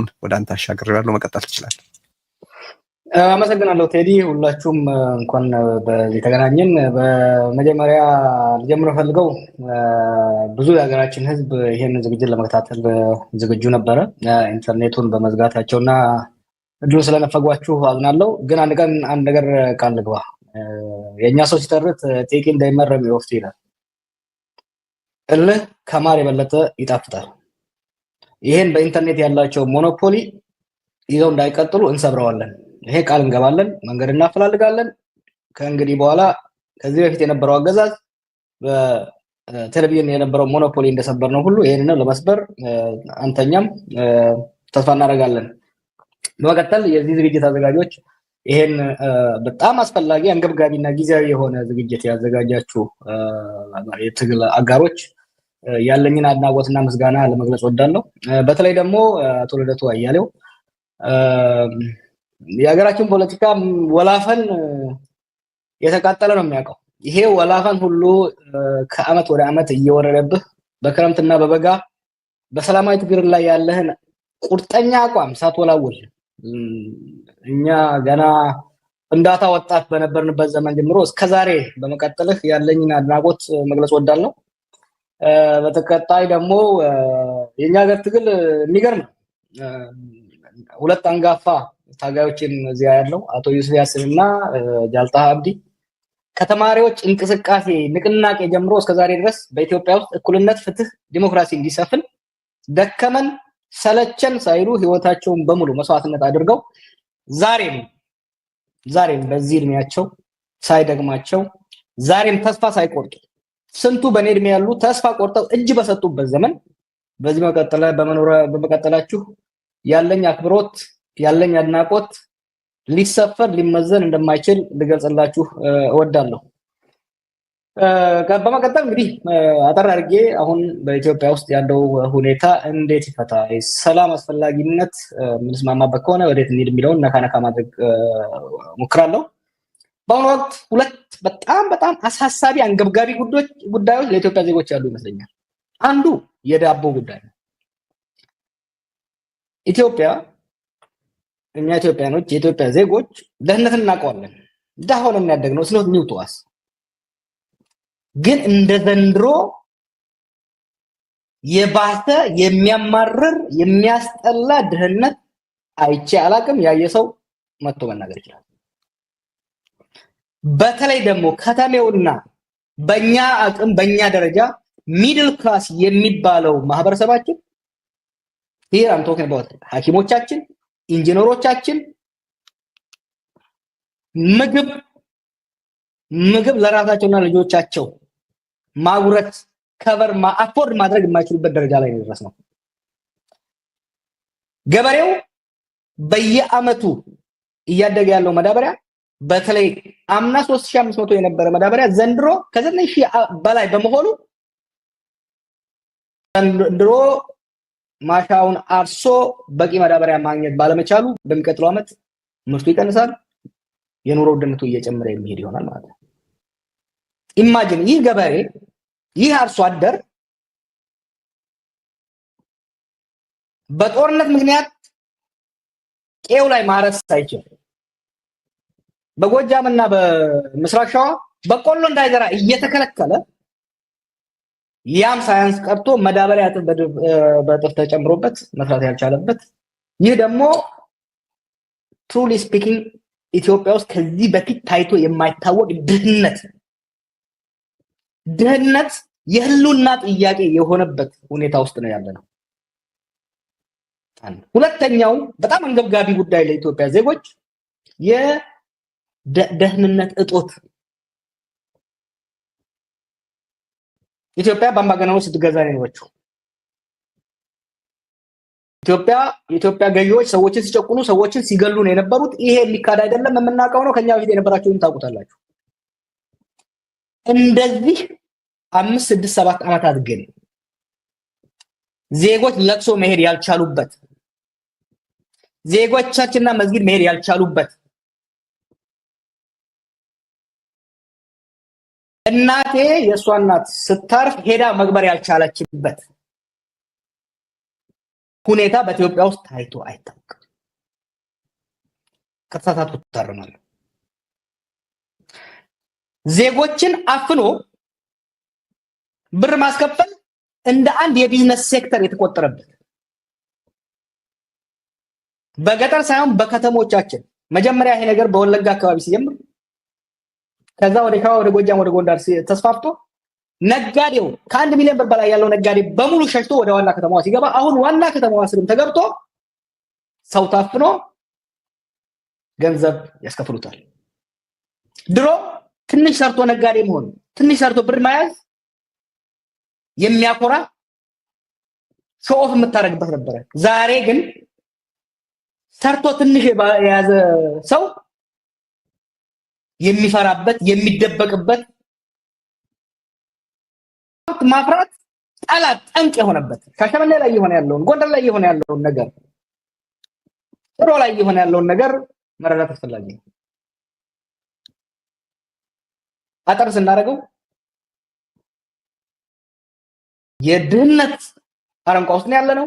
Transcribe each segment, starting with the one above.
አሁን ወደ አንተ አሻግሬያለሁ። መቀጠል ትችላለህ። አመሰግናለሁ ቴዲ። ሁላችሁም እንኳን በዚህ ተገናኘን። በመጀመሪያ ልጀምር ፈልገው ብዙ የሀገራችን ሕዝብ ይህን ዝግጅት ለመከታተል ዝግጁ ነበረ። ኢንተርኔቱን በመዝጋታቸውና እድሉ ስለነፈጓችሁ አዝናለሁ። ግን አንድ ቀን አንድ ነገር ቃል ልግባ። የእኛ ሰው ሲተርት ጤቂ እንዳይመረም ይወፍቱ ይላል። እልህ ከማር የበለጠ ይጣፍጣል። ይሄን በኢንተርኔት ያላቸው ሞኖፖሊ ይዘው እንዳይቀጥሉ እንሰብረዋለን። ይሄ ቃል እንገባለን፣ መንገድ እናፈላልጋለን። ከእንግዲህ በኋላ ከዚህ በፊት የነበረው አገዛዝ በቴሌቪዥን የነበረው ሞኖፖሊ እንደሰበር ነው ሁሉ ይህንን ለመስበር አንተኛም ተስፋ እናደርጋለን። በመቀጠል የዚህ ዝግጅት አዘጋጆች ይሄን በጣም አስፈላጊ አንገብጋቢና ጊዜያዊ የሆነ ዝግጅት ያዘጋጃችሁ የትግል አጋሮች ያለኝን አድናቆትና ምስጋና ለመግለጽ ወዳለሁ። በተለይ ደግሞ አቶ ልደቱ አያሌው የሀገራችን ፖለቲካ ወላፈን የተቃጠለ ነው የሚያውቀው። ይሄ ወላፈን ሁሉ ከአመት ወደ አመት እየወረደብህ በክረምትና በበጋ በሰላማዊ ትግር ላይ ያለህን ቁርጠኛ አቋም ሳትወላውል እኛ ገና እንዳታ ወጣት በነበርንበት ዘመን ጀምሮ እስከዛሬ በመቀጠልህ ያለኝን አድናቆት መግለጽ ወዳለሁ። በተከታይ ደግሞ የእኛ ሀገር ትግል የሚገርም ሁለት አንጋፋ ታጋዮችን እዚያ ያለው አቶ ዩሱፍ ያስን እና ጃልጣ አብዲ ከተማሪዎች እንቅስቃሴ ንቅናቄ ጀምሮ እስከዛሬ ድረስ በኢትዮጵያ ውስጥ እኩልነት፣ ፍትህ፣ ዲሞክራሲ እንዲሰፍን ደከመን ሰለቸን ሳይሉ ህይወታቸውን በሙሉ መስዋዕትነት አድርገው ዛሬም ዛሬም በዚህ እድሜያቸው ሳይደግማቸው ዛሬም ተስፋ ሳይቆርጡ ስንቱ በእኔ እድሜ ያሉ ተስፋ ቆርጠው እጅ በሰጡበት ዘመን በዚህ በመቀጠላችሁ ያለኝ አክብሮት ያለኝ አድናቆት ሊሰፈር ሊመዘን እንደማይችል ልገልጽላችሁ እወዳለሁ። በመቀጠል እንግዲህ አጠር አድርጌ አሁን በኢትዮጵያ ውስጥ ያለው ሁኔታ እንዴት ይፈታ፣ ሰላም አስፈላጊነት የምንስማማበት ከሆነ ወዴት እንሂድ የሚለውን ነካነካ ማድረግ ሞክራለሁ። በአሁኑ ወቅት ሁለት በጣም በጣም አሳሳቢ አንገብጋቢ ጉዳዮች ለኢትዮጵያ ዜጎች ያሉ ይመስለኛል። አንዱ የዳቦ ጉዳይ ነው። ኢትዮጵያ እኛ ኢትዮጵያኖች የኢትዮጵያ ዜጎች ደህነት እናውቀዋለን። ድሀ የሚያደግ ነው ስለት ኒውቶዋስ ግን እንደ ዘንድሮ የባሰ የሚያማርር የሚያስጠላ ድህነት አይቼ አላቅም። ያየ ሰው መጥቶ መናገር ይችላል። በተለይ ደግሞ ከተሜውና በእኛ አቅም በእኛ ደረጃ ሚድል ክላስ የሚባለው ማህበረሰባችን ይህ አምቶክን ባት ሐኪሞቻችን፣ ኢንጂነሮቻችን ምግብ ምግብ ለራሳቸውና ልጆቻቸው ማጉረት ከበር አፎርድ ማድረግ የማይችሉበት ደረጃ ላይ ነው ገበሬው በየአመቱ እያደገ ያለው መዳበሪያ በተለይ አምና 3500 የነበረ መዳበሪያ ዘንድሮ ከ9000 በላይ በመሆኑ ዘንድሮ ማሻውን አርሶ በቂ መዳበሪያ ማግኘት ባለመቻሉ በሚቀጥለው ዓመት ምርቱ ይቀንሳል፣ የኑሮ ውድነቱ እየጨመረ የሚሄድ ይሆናል ማለት ነው። ኢማጂን ይህ ገበሬ ይህ አርሶ አደር በጦርነት ምክንያት ቄው ላይ ማረስ አይችልም። እና በምስራቅ ሸዋ በቆሎ እንዳይዘራ እየተከለከለ ያም ሳያንስ ቀርቶ መዳበሪያ በጥፍ ተጨምሮበት መስራት ያልቻለበት ይህ ደግሞ ትሩሊ ስፒኪንግ ኢትዮጵያ ውስጥ ከዚህ በፊት ታይቶ የማይታወቅ ድህነት ድህነት የህልውና ጥያቄ የሆነበት ሁኔታ ውስጥ ነው ያለ ነው። ሁለተኛው በጣም አንገብጋቢ ጉዳይ ለኢትዮጵያ ዜጎች ደህንነት እጦት ኢትዮጵያ በአምባገነኖች ስትገዛ ነችው። ኢትዮጵያ የኢትዮጵያ ገዢዎች ሰዎችን ሲጨቁኑ ሰዎችን ሲገሉ ነው የነበሩት። ይሄ የሚካድ አይደለም፣ የምናውቀው ነው። ከኛ በፊት የነበራቸውን ታውቁታላችሁ። እንደዚህ አምስት ስድስት ሰባት ዓመታት ግን ዜጎች ለቅሶ መሄድ ያልቻሉበት ዜጎቻችንና መስጊድ መሄድ ያልቻሉበት እናቴ የእሷ እናት ስታርፍ ሄዳ መግበር ያልቻለችበት ሁኔታ በኢትዮጵያ ውስጥ ታይቶ አይታወቅም። ከተሳሳቱ ትታረማለህ። ዜጎችን አፍኖ ብር ማስከፈል እንደ አንድ የቢዝነስ ሴክተር የተቆጠረበት በገጠር ሳይሆን በከተሞቻችን መጀመሪያ ይሄ ነገር በወለጋ አካባቢ ሲጀምር ከዛ ወደ ካዋ ወደ ጎጃም ወደ ጎንደር ተስፋፍቶ ነጋዴው ከአንድ ሚሊዮን ብር በላይ ያለው ነጋዴ በሙሉ ሸሽቶ ወደ ዋና ከተማዋ ሲገባ አሁን ዋና ከተማዋ ስልም ተገብቶ ሰው ታፍኖ ገንዘብ ያስከፍሉታል። ድሮ ትንሽ ሰርቶ ነጋዴ መሆን ትንሽ ሰርቶ ብር መያዝ የሚያኮራ ሾኦፍ የምታደርግበት ነበረ። ዛሬ ግን ሰርቶ ትንሽ የያዘ ሰው የሚፈራበት የሚደበቅበት ማፍራት ጠላት ጠንቅ የሆነበት ሻሸመኔ ላይ የሆነ ያለውን ጎንደር ላይ የሆነ ያለውን ነገር ጥሮ ላይ የሆነ ያለውን ነገር መረዳት አስፈላጊ ነው። አጠር ስናደርገው የድህነት አረንቋ ውስጥ ያለ ነው።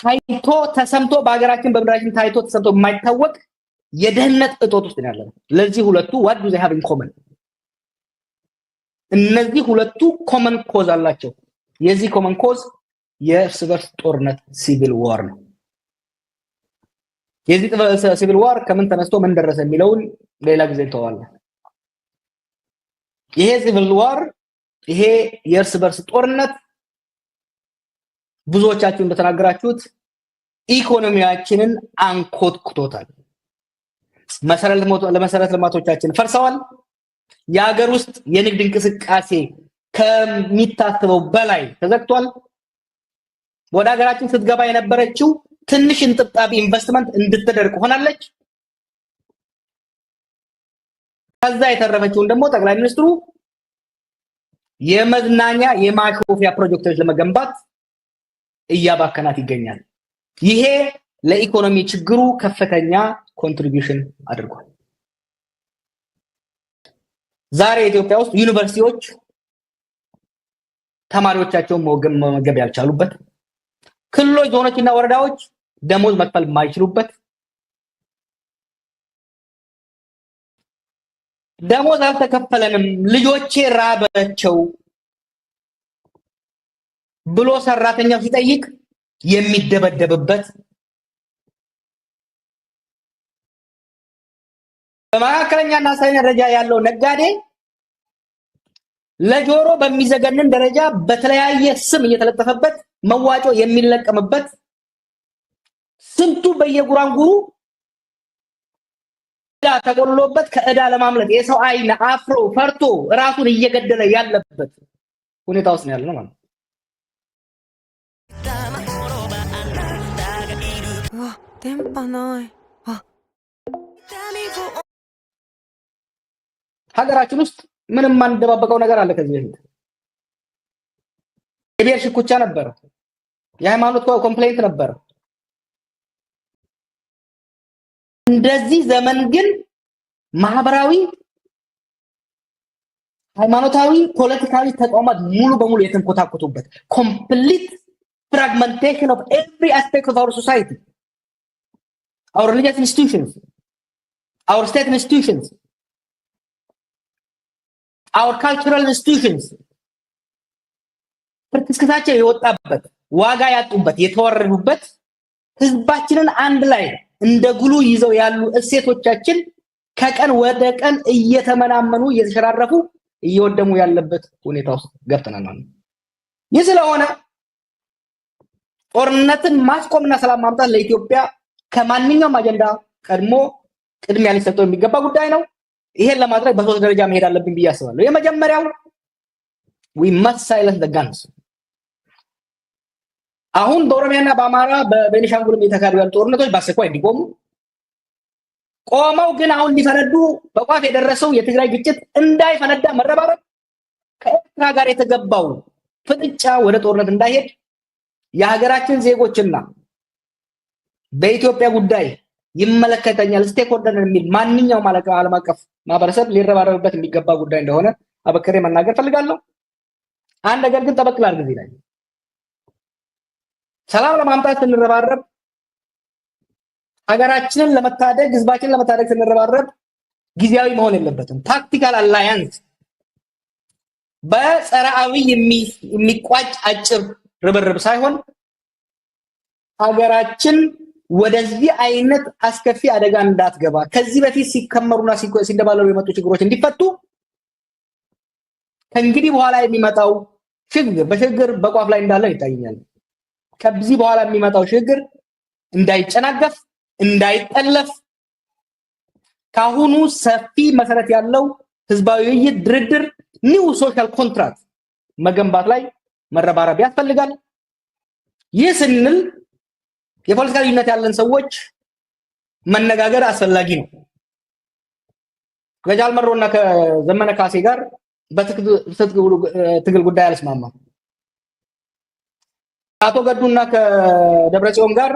ታይቶ ተሰምቶ በሀገራችን በምድራችን ታይቶ ተሰምቶ የማይታወቅ የደህንነት እጦት ውስጥ ነው ለዚህ ሁለቱ ዋት ዱ ዜይ ሃቭ ኢን ኮመን? እነዚህ ሁለቱ ኮመን ኮዝ አላቸው። የዚህ ኮመን ኮዝ የእርስ በርስ ጦርነት ሲቪል ዋር ነው። የዚህ ሲቪል ዋር ከምን ተነስቶ ምን ደረሰ የሚለውን ሌላ ጊዜ እንተዋለን። ይሄ ሲቪል ዋር ይሄ የእርስ በርስ ጦርነት ብዙዎቻችሁ እንደተናገራችሁት ኢኮኖሚያችንን አንኮትኩቶታል። መሰረተ ልማቶቻችን ፈርሰዋል። የሀገር ውስጥ የንግድ እንቅስቃሴ ከሚታስበው በላይ ተዘግቷል። ወደ ሀገራችን ስትገባ የነበረችው ትንሽ እንጥብጣቢ ኢንቨስትመንት እንድትደርቅ ሆናለች። ከዛ የተረፈችውን ደግሞ ጠቅላይ ሚኒስትሩ የመዝናኛ የማሾፊያ ፕሮጀክቶች ለመገንባት እያባከናት ይገኛል። ይሄ ለኢኮኖሚ ችግሩ ከፍተኛ ኮንትሪቢሽን አድርጓል። ዛሬ ኢትዮጵያ ውስጥ ዩኒቨርሲቲዎች ተማሪዎቻቸውን መመገብ ያልቻሉበት፣ ክልሎች፣ ዞኖች እና ወረዳዎች ደሞዝ መክፈል የማይችሉበት ደሞዝ አልተከፈለንም ልጆቼ ራበቸው ብሎ ሰራተኛው ሲጠይቅ የሚደበደብበት በመካከለኛና አነስተኛ ደረጃ ያለው ነጋዴ ለጆሮ በሚዘገንን ደረጃ በተለያየ ስም እየተለጠፈበት መዋጮ የሚለቀምበት ስንቱ በየጉራንጉሩ ዕዳ ተቆልሎበት ከእዳ ለማምለጥ የሰው አይን አፍሮ ፈርቶ ራሱን እየገደለ ያለበት ሁኔታ ውስጥ ነው ያለ ነው ማለት ሀገራችን ውስጥ ምንም የማንደባበቀው ነገር አለ። ከዚህ በፊት የብሔር ሽኩቻ ነበረ፣ የሃይማኖት ኮምፕሌንት ነበረ። እንደዚህ ዘመን ግን ማህበራዊ፣ ሃይማኖታዊ፣ ፖለቲካዊ ተቋማት ሙሉ በሙሉ የተንኮታኮቱበት ኮምፕሊት ፍራግመንቴሽን ኦፍ ኤቭሪ አስፔክት ኦፍ አወር ሶሳይቲ አወር ሪሊጂየስ ኢንስቲትዩሽንስ አወር ስቴት ኢንስቲትዩሽንስ our cultural institutions ፍርክስክታቸው የወጣበት ዋጋ ያጡበት የተወረዱበት ህዝባችንን አንድ ላይ እንደ ጉሉ ይዘው ያሉ እሴቶቻችን ከቀን ወደ ቀን እየተመናመኑ እየተሸራረፉ እየወደሙ ያለበት ሁኔታ ውስጥ ገብተናል ይህ ስለሆነ ጦርነትን ማስቆምና ሰላም ማምጣት ለኢትዮጵያ ከማንኛውም አጀንዳ ቀድሞ ቅድሚያ ሊሰጠው የሚገባ ጉዳይ ነው። ይሄን ለማድረግ በሶስት ደረጃ መሄድ አለብኝ ብዬ አስባለሁ። የመጀመሪያው ዊ መስት ሳይለንስ ጋንስ። አሁን በኦሮሚያና በአማራ በቤኒሻንጉልም የተካሄዱ ያሉ ጦርነቶች በአስቸኳይ እንዲቆሙ ቆመው ግን አሁን ሊፈነዱ በቋፍ የደረሰው የትግራይ ግጭት እንዳይፈነዳ መረባረብ፣ ከኤርትራ ጋር የተገባው ፍጥጫ ወደ ጦርነት እንዳይሄድ የሀገራችን ዜጎችና በኢትዮጵያ ጉዳይ ይመለከተኛል ስቴክ ሆልደር የሚል ማንኛውም ዓለም አቀፍ ማህበረሰብ ሊረባረብበት የሚገባ ጉዳይ እንደሆነ አበክሬ መናገር ፈልጋለሁ። አንድ ነገር ግን ጠበቅ ላድርግ ላይ ሰላም ለማምጣት ስንረባረብ፣ ሀገራችንን ለመታደግ ህዝባችንን ለመታደግ ስንረባረብ ጊዜያዊ መሆን የለበትም። ታክቲካል አላያንስ በጸረ የሚቋጭ አጭር ርብርብ ሳይሆን ሀገራችን ወደዚህ አይነት አስከፊ አደጋ እንዳትገባ ከዚህ በፊት ሲከመሩና ሲደባለሉ የመጡ ችግሮች እንዲፈቱ ከእንግዲህ በኋላ የሚመጣው ችግር በችግር በቋፍ ላይ እንዳለን ይታየኛል። ከዚህ በኋላ የሚመጣው ችግር እንዳይጨናገፍ፣ እንዳይጠለፍ ካሁኑ ሰፊ መሰረት ያለው ህዝባዊ ውይይት፣ ድርድር፣ ኒው ሶሻል ኮንትራክት መገንባት ላይ መረባረብ ያስፈልጋል። ይህ ስንል የፖለቲካ ልዩነት ያለን ሰዎች መነጋገር አስፈላጊ ነው። ከጃል መሮና ከዘመነ ካሴ ጋር በትግል ጉዳይ አልስማማም። አቶ ገዱና ከደብረጽዮን ጋር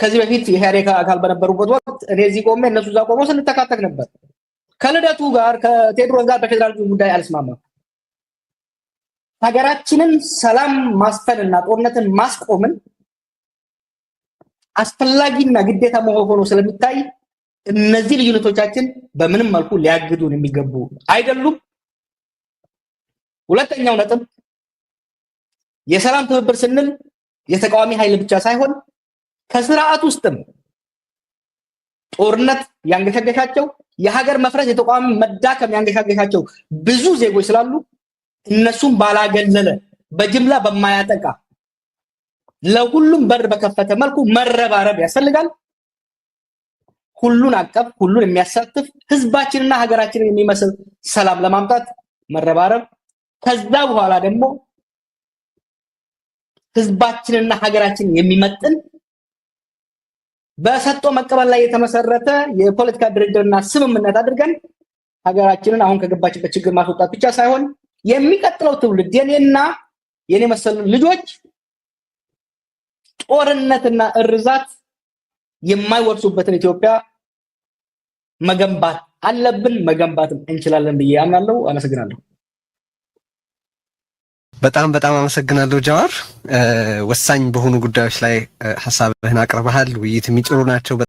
ከዚህ በፊት የኢህአዴግ አካል በነበሩበት ወቅት እኔ እዚህ ቆሜ እነሱ እዛ ቆመው ስንተካተክ ነበር። ከልደቱ ጋር ከቴዎድሮስ ጋር በፌዴራል ጉዳይ አልስማማም። ሀገራችንን ሰላም ማስፈንና ጦርነትን ማስቆምን አስፈላጊና ግዴታ ሆኖ ስለሚታይ እነዚህ ልዩነቶቻችን በምንም መልኩ ሊያግዱን የሚገቡ አይደሉም። ሁለተኛው ነጥብ የሰላም ትብብር ስንል የተቃዋሚ ኃይል ብቻ ሳይሆን ከስርዓት ውስጥም ጦርነት ያንገሻገሻቸው የሀገር መፍረስ የተቋም መዳከም ያንገሻገሻቸው ብዙ ዜጎች ስላሉ እነሱም ባላገለለ በጅምላ በማያጠቃ ለሁሉም በር በከፈተ መልኩ መረባረብ ያስፈልጋል። ሁሉን አቀፍ ሁሉን የሚያሳትፍ ህዝባችንና ሀገራችንን የሚመስል ሰላም ለማምጣት መረባረብ፣ ከዛ በኋላ ደግሞ ህዝባችንና ሀገራችንን የሚመጥን በሰጦ መቀበል ላይ የተመሰረተ የፖለቲካ ድርድርና ስምምነት አድርገን ሀገራችንን አሁን ከገባችበት ችግር ማስወጣት ብቻ ሳይሆን የሚቀጥለው ትውልድ የኔና የኔ መሰሉ ልጆች ጦርነትና እርዛት የማይወርሱበትን ኢትዮጵያ መገንባት አለብን፣ መገንባትም እንችላለን ብዬ አምናለሁ። አመሰግናለሁ። በጣም በጣም አመሰግናለሁ ጃዋር፣ ወሳኝ በሆኑ ጉዳዮች ላይ ሀሳብህን አቅርበሃል። ውይይት የሚጭሩ ናቸው።